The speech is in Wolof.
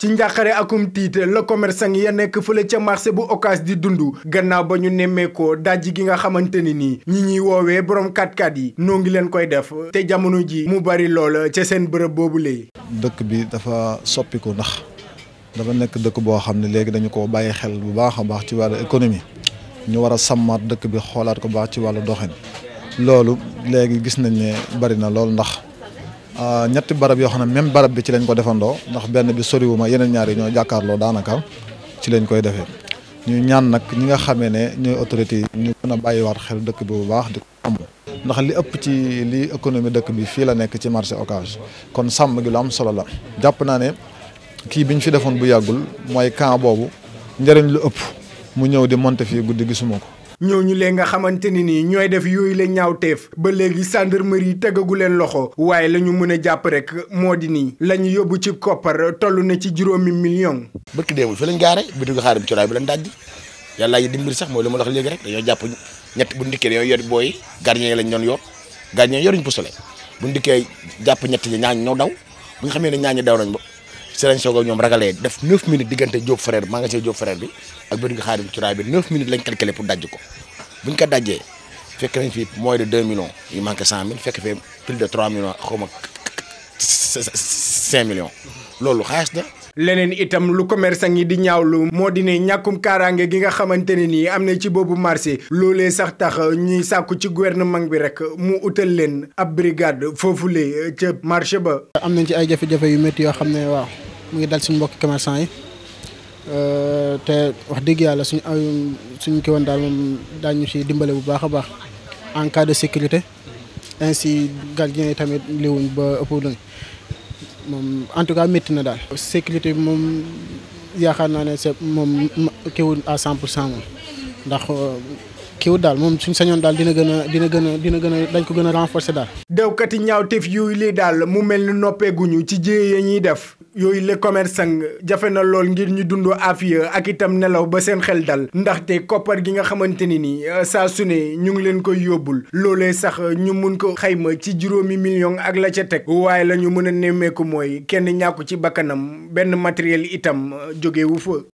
ci njàqare akum tiit la commerçant ya nekk fële ca marché bu Ocass di dundu gannaaw ba ñu nemmeekoo dajj gi nga xamante ni nii ñi ñuy woowee borom kat-kat yi noo ngi leen koy def te jamono ji mu bari lool ca seen bërëb boobu lay dëkk bi dafa soppiku ndax dafa nekk dëkk boo xam ne léegi dañu ko bàyyi xel bu baax a baax ci wàllu économie ñu war a sàmmaat dëkk bi xoolaat ko baax ci wàllu doxin loolu léegi gis nañ ne bari na lool ndax Euh, ñetti barab yoo xam ne même barab bi ci lañ ko defandoo ndax benn bi soriwu ma yeneen ñaari ñoo jàkkaarloo daanaka ci lañ koy defee ñu ñaan nag ñi nga xamee ne ñooy autorité yi ñu gën a bàyyiwaat xel dëkk bi bu baax di ko sàmm ndax li ëpp ci li économie dëkk bi fii la nekk ci marché Ocass kon sàmm gi lu am solo la jàpp naa ne kii bi ñu fi defoon bu yàggul mooy kaa boobu njëriñ lu ëpp mu ñëw di monter fii guddi gisuma ko ñëw ñu lee nga xamante ni nii ñooy def yooyu la ñaawteef ba léegi gendarmerie tegagu leen loxo waaye la ñu mën a jàpp rek moo di nii la ñu yóbbu ci koppar tollu na ci juróomi million. bëkk démb fi lañ gaare bitu nga xaarim cuuraay bi lañ dajji yàllaa yi dimbali sax mooy li ma la wax léegi rek dañoo jàpp ñett bu ndikkee dañoo yor booy gardien lañ doon yor gardien yoruñ pusale bu ndikkee jàpp ñett ñi ñaañ ñoo daw bu nga xamee ne ñaañi daw nañ ba si lañ soog a ñoom ragalee def 9 minutes diggante Diop frère maa nga see Diop frère bi ak benn xaarim curaay bi 9 minutes lañ calculé pour dajj ko buñ ko dajjee fekk nañ fi moins de 2 millions yu manqué 100000 fekk fee plus de 3 millions xaw ma 5 millions loolu xaalis da leneen itam lu commerçant yi di ñaaw lu moo di ne ñàkkum kaaraange gi nga xamante ne nii am na ci boobu marché loolee sax tax ñuy sàkku ci gouvernement bi rek mu utal leen ab brigade foofulee ca marché ba. am nañ ci ay jafe-jafe yu métti yoo xam ne waaw mu ngi dal suñu mbokki commerçant yi euh, te wax dëgg yàlla suñu suñ ki woon daal moom daañu ci dimbale bu baax a baax en cas de sécurité ainsi gardien yi tamit liwuñ ba ëpp moom en tout cas métti na daal. sécurité moom yaakaar naa ne c'est moom kiwul à 100 pour cent moom ndax euh, kiwul daal moom suñ sañoon daal dina gën a dina gën a dina gën a dañ ko gën a renforcer daal. dawkati ñaawteef yooyu lii daal mu mel ni noppeeguñu ci jéey yi ñuy def. yooyu le commerçant jafe na lool ngir ñu dund afiya ak itam nelaw ba seen xel dal ndax ndaxte koppar gi nga xamante ni nii euh, saa su ne ñu ngi leen koy yóbbul loolee sax ñu mun ko xayma ci juróomi million ak la ca teg waaye la ñu mën a nemmeeku mooy kenn ñàkku ci bakkanam benn matériel itam euh, jógewu fa